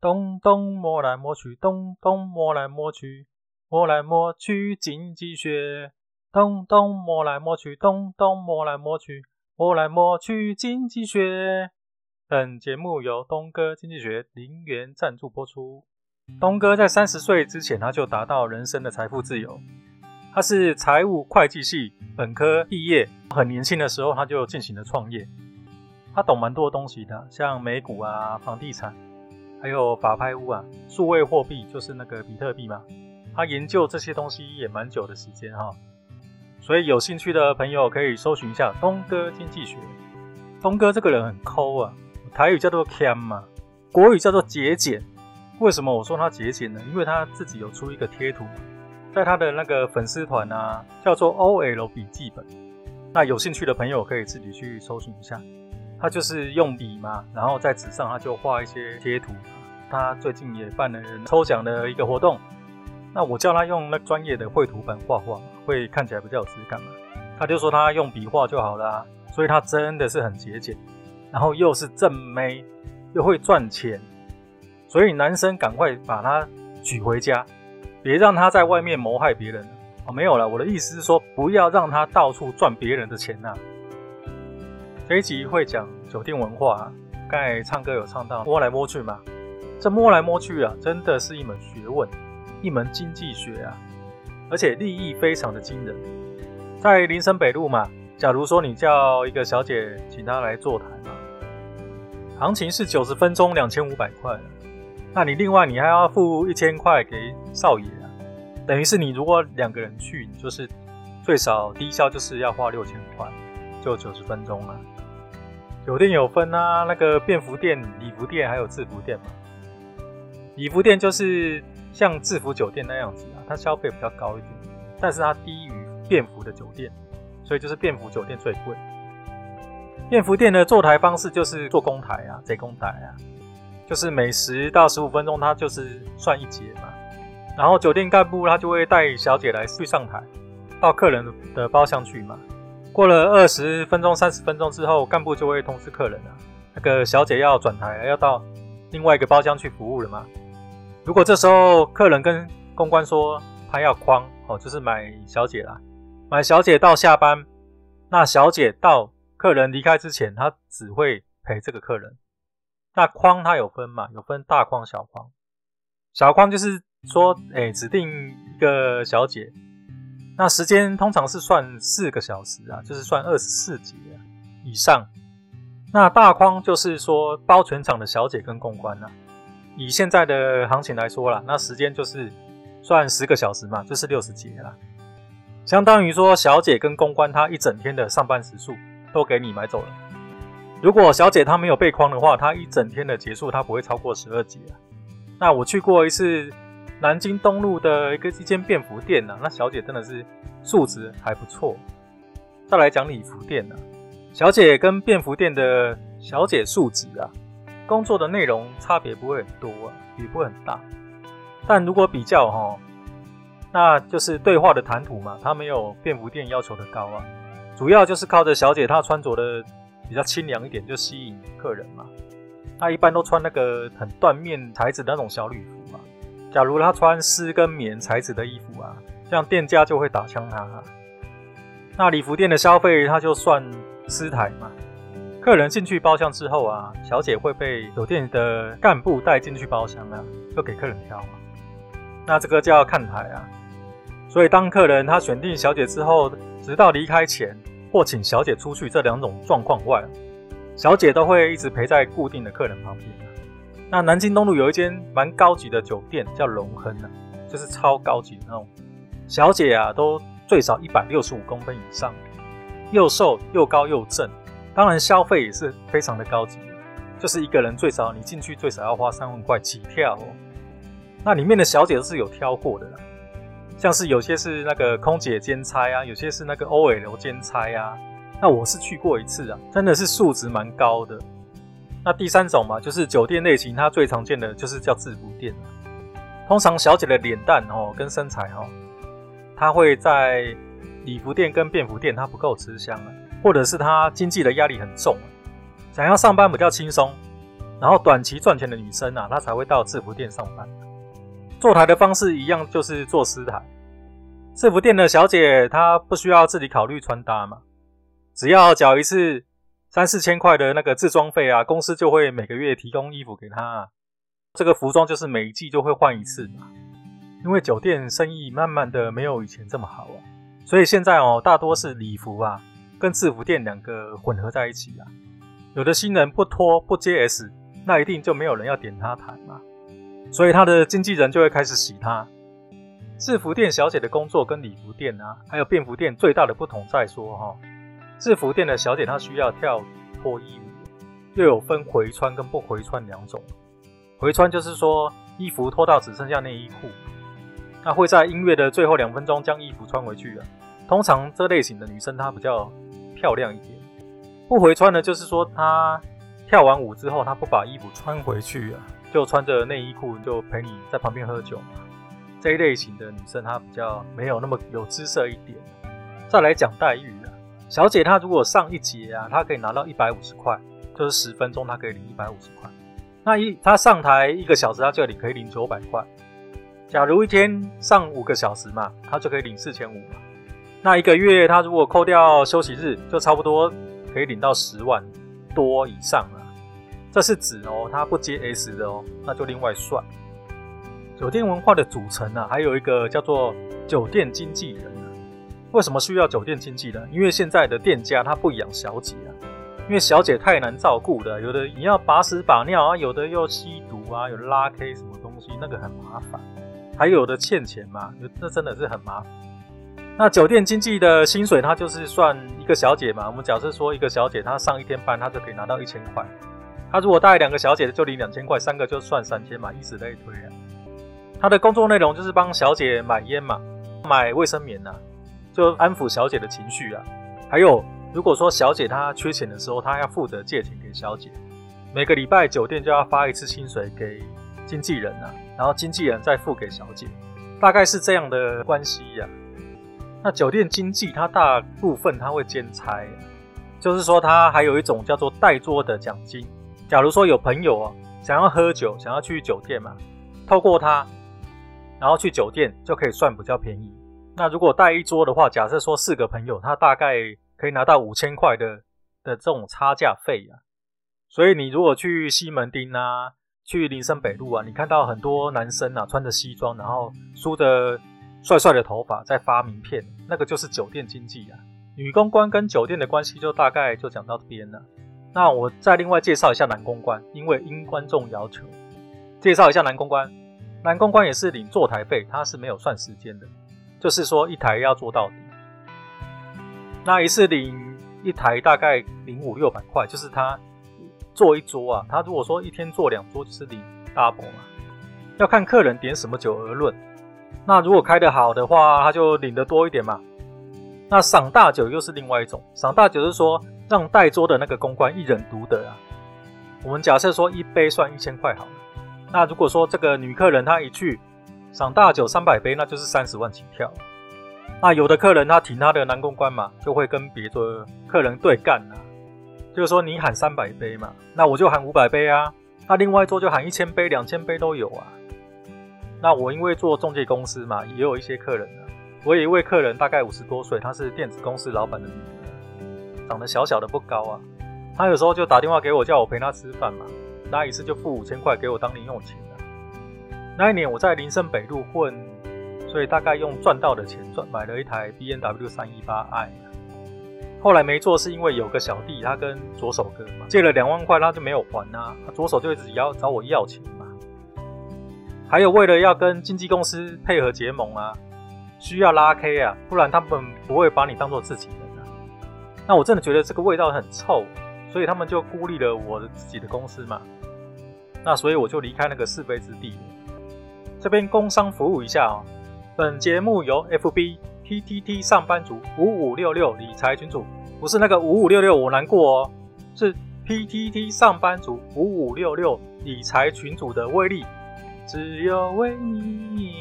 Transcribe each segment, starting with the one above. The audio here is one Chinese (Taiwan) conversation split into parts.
東東摸來摸去，東東摸來摸去，摸來摸去經濟學。東東摸來摸去，東東摸來摸去，摸來摸去，去經濟學。本節目由東哥經濟學零元贊助播出。東哥在三十歲之前，他就達到人生的財富自由。他是財務會計系本科畢業，很年輕的時候他就進行了創業。他懂蠻多東西的，像美股啊，房地產。還有法拍屋啊，數位貨幣就是那個比特幣嘛，他研究這些東西也蠻久的時間哈、哦，所以有興趣的朋友可以搜尋一下東哥經濟學。東哥這個人很摳啊，台語叫做 Cam 嘛，國語叫做節儉。為什麼我說他節儉呢？因為他自己有出一個貼圖，在他的那個粉絲團啊，叫做 OL 筆記本。那有興趣的朋友可以自己去搜尋一下。他就是用筆嘛，然後在紙上他就畫一些貼圖。他最近也辦人抽獎了抽獎的一個活動，那我叫他用那專業的繪圖板畫畫，會看起來比較有質感嘛。他就說他用筆畫就好了啊，所以他真的是很節儉，然後又是正妹，又會賺錢，所以男生趕快把他娶回家，別讓他在外面謀害別人哦，沒有了，我的意思是說，不要讓他到處賺別人的錢吶啊。這一集會講酒店文化啊。剛才唱歌有唱到摸來摸去嘛。這摸來摸去啊，真的是一門學問，一門經濟學啊，而且利益非常的驚人。在林森北路嘛，假如說你叫一個小姐請她來坐台嘛，行情是九十分鐘兩千五百塊，那你另外你還要付一千塊給少爺啊，等於是你如果兩個人去，你就是最少低消就是要花六千塊。就九十分鐘啦。酒店有分啊，那個便服店、禮服店還有制服店嘛。禮服店就是像制服酒店那樣子啊，它消費比較高一點，但是它低於便服的酒店，所以就是便服酒店最貴。便服店的坐台方式就是坐公台啊，賊公台啊，就是每十到十五分鐘它就是算一節嘛，然後酒店幹部他就會帶小姐來去上台，到客人的包廂去嘛。過了二十分鐘、三十分鐘之後，幹部就會通知客人了、啊。那個小姐要轉台、啊，要到另外一個包廂去服務了嘛？如果這時候客人跟公關說他要框哦，就是買小姐啦，買小姐到下班，那小姐到客人離開之前，她只會陪這個客人。那框她有分嘛？有分大框、小框。小框就是說、欸，誒指定一個小姐。那時間通常是算四個小時啊，就是算二十四節以上。那大框就是說包全場的小姐跟公關了啊。以現在的行情來說啦，那時間就是算十個小時嘛，就是六十節了，相當於說小姐跟公關她一整天的上班時數都給你買走了。如果小姐她沒有被框的話，她一整天的結束她不會超過十二節。那我去過一次，南京東路的一個一間便服店吶、啊，那小姐真的是素質還不錯。再來講禮服店吶、啊，小姐跟便服店的小姐素質啊，工作的內容差別不會很多、啊，也不會很大。但如果比較哈，那就是對話的談吐嘛，她沒有便服店要求的高啊。主要就是靠着小姐她穿着的比較清涼一點，就吸引客人嘛。她一般都穿那個很緞面材質的那種小禮服。假如他穿絲跟棉材質的衣服啊，這樣店家就會打槍他啊。那禮服店的消費，他就算私台嘛。客人進去包廂之後啊，小姐會被酒店的幹部帶進去包廂啊，就給客人挑啊。那這個叫看台啊。所以當客人他選定小姐之後，直到離開前或請小姐出去這兩種狀況外，小姐都會一直陪在固定的客人旁邊。那南京東路有一間蠻高級的酒店，叫龍亨啊，就是超高級的那種，小姐啊都最少一百六十五公分以上，又瘦又高又正，當然消費也是非常的高級，就是一個人最少你進去最少要花三萬塊起跳哦。那裡面的小姐都是有挑過的啦，像是有些是那個空姐兼差啊，有些是那個 OL 兼差啊。那我是去過一次啊，真的是素質蠻高的。那第三種嘛，就是酒店類型，它最常見的就是叫制服店。通常小姐的臉蛋哦跟身材哦，她會在禮服店跟便服店她不夠吃香啊，或者是她經濟的壓力很重啊，想要上班比較輕鬆，然後短期賺錢的女生啊，她才會到制服店上班。坐台的方式一樣，就是坐私台。制服店的小姐她不需要自己考慮穿搭嘛，只要繳一次。三四千塊的那個制裝費啊，公司就會每個月提供衣服給他啊。這個服裝就是每一季就會換一次嘛。因為酒店生意慢慢的沒有以前這麼好啊，所以現在哦，大多是禮服啊，跟制服店兩個混合在一起啊。有的新人不脫不接 S，那一定就沒有人要點他檯嘛。所以他的經紀人就會開始洗他。制服店小姐的工作跟禮服店啊，還有便服店最大的不同在說哈、哦。制服店的小姐，她需要跳脫衣舞，又有分回穿跟不回穿兩種。回穿就是說衣服脫到只剩下內衣褲，她會在音樂的最後兩分鐘將衣服穿回去啊。通常這類型的女生她比較漂亮一點。不回穿的就是說她跳完舞之後，她不把衣服穿回去啊，就穿着內衣褲就陪你在旁邊喝酒。這一類型的女生她比較沒有那麼有姿色一點。再來講待遇呢。小姐，她如果上一節啊，她可以拿到一百五十塊，就是十分鐘她可以領一百五十塊。那一她上台一個小時，她就領可以領九百塊。假如一天上五個小時嘛，她就可以領四千五嘛。那一個月她如果扣掉休息日，就差不多可以領到十萬多以上了。這是指哦，她不接 S 的哦，那就另外算。酒店文化的組成啊，還有一個叫做酒店經紀人。為什麼需要酒店經紀呢？因為現在的店家他不養小姐啊，因為小姐太難照顧了，有的你要把屎把尿啊，有的又吸毒啊，有的拉 K 什麼東西，那個很麻煩，還有的欠錢嘛，那真的是很麻煩。那酒店經紀的薪水，他就是算一個小姐嘛。我們假設說一個小姐她上一天班，她就可以拿到一千塊。她如果帶兩個小姐，就領兩千塊，三個就算三千嘛，以此類推。啊，她的工作內容就是幫小姐買菸嘛，買衛生棉啊。就安撫小姐的情緒啊，還有如果說小姐她缺錢的時候，她要負責借錢給小姐。每個禮拜酒店就要發一次薪水給經紀人啊，然後經紀人再付給小姐，大概是這樣的關係呀。那酒店經紀他大部分他會兼差，就是說他還有一種叫做帶桌的獎金。假如說有朋友啊想要喝酒，想要去酒店嘛，啊，透過他，然後去酒店就可以算比較便宜。那如果帶一桌的話，假設說四個朋友，他大概可以拿到五千塊的的這種差價費啊。所以你如果去西門町啊，去林森北路啊，你看到很多男生啊穿着西裝，然後梳着帥帥的頭髮在發名片，那個就是酒店經紀啊。女公關跟酒店的關係就大概就講到這邊了。那我再另外介紹一下男公關，因為應觀眾要求，介紹一下男公關。男公關也是領坐台費，他是沒有算時間的。就是說一台要做到底，那一次領一台大概領五六百塊，就是他做一桌啊。他如果說一天做兩桌，就是領 double 嘛，要看客人點什麼酒而論。那如果開得好的話，他就領得多一點嘛。那賞大酒又是另外一種，賞大酒是說讓帶桌的那個公關一人獨得啊。我們假設說一杯算一千塊好了，那如果說這個女客人她一去，賞大酒三百杯，那就是三十萬起跳啊。那有的客人他停他的男公關嘛，就會跟別的客人對幹了，啊。就是說你喊三百杯嘛，那我就喊五百杯啊。那另外一桌就喊一千杯、兩千杯都有啊。那我因為做中介公司嘛，也有一些客人啊。我有一位客人大概五十多歲，他是電子公司老板的女兒，長得小小的不高啊。他有時候就打電話給我，叫我陪他吃飯嘛，那一次就付五千塊給我當零用錢。那一年我在林森北路混，所以大概用賺到的錢賺買了一台 B N W 三一八 I。後來沒做是因為有個小弟，他跟左手哥嘛借了兩萬塊，他就沒有還啊。左手就會自己要找我要錢嘛。還有為了要跟經紀公司配合結盟啊，需要拉 K 啊，不然他們不會把你當做自己人啊。那我真的覺得這個味道很臭，所以他們就孤立了我的自己的公司嘛。那所以我就離開那個是非之地了。這邊工商服務一下啊、哦！本節目由 F B P T T 上班族五五六六理財群組不是那個五五六六我難過哦，是 P T T 上班族五五六六理財群組的威力。只有為你，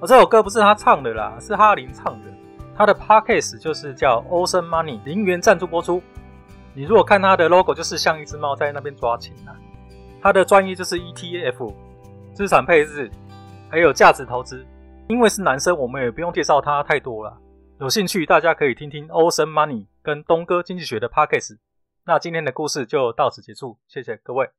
啊，這首歌不是他唱的啦，是哈林唱的。他的 podcast 就是叫 Ocean、awesome、Money，零元贊助播出。你如果看他的 logo，就是像一隻貓在那邊抓錢，啊、他的專業就是 E T F 資產配置。還有價值投資，因為是男生，我們也不用介紹他太多了，有興趣，大家可以聽聽 Ocean Money 跟東哥經濟學的 Podcast。那今天的故事就到此結束，謝謝各位。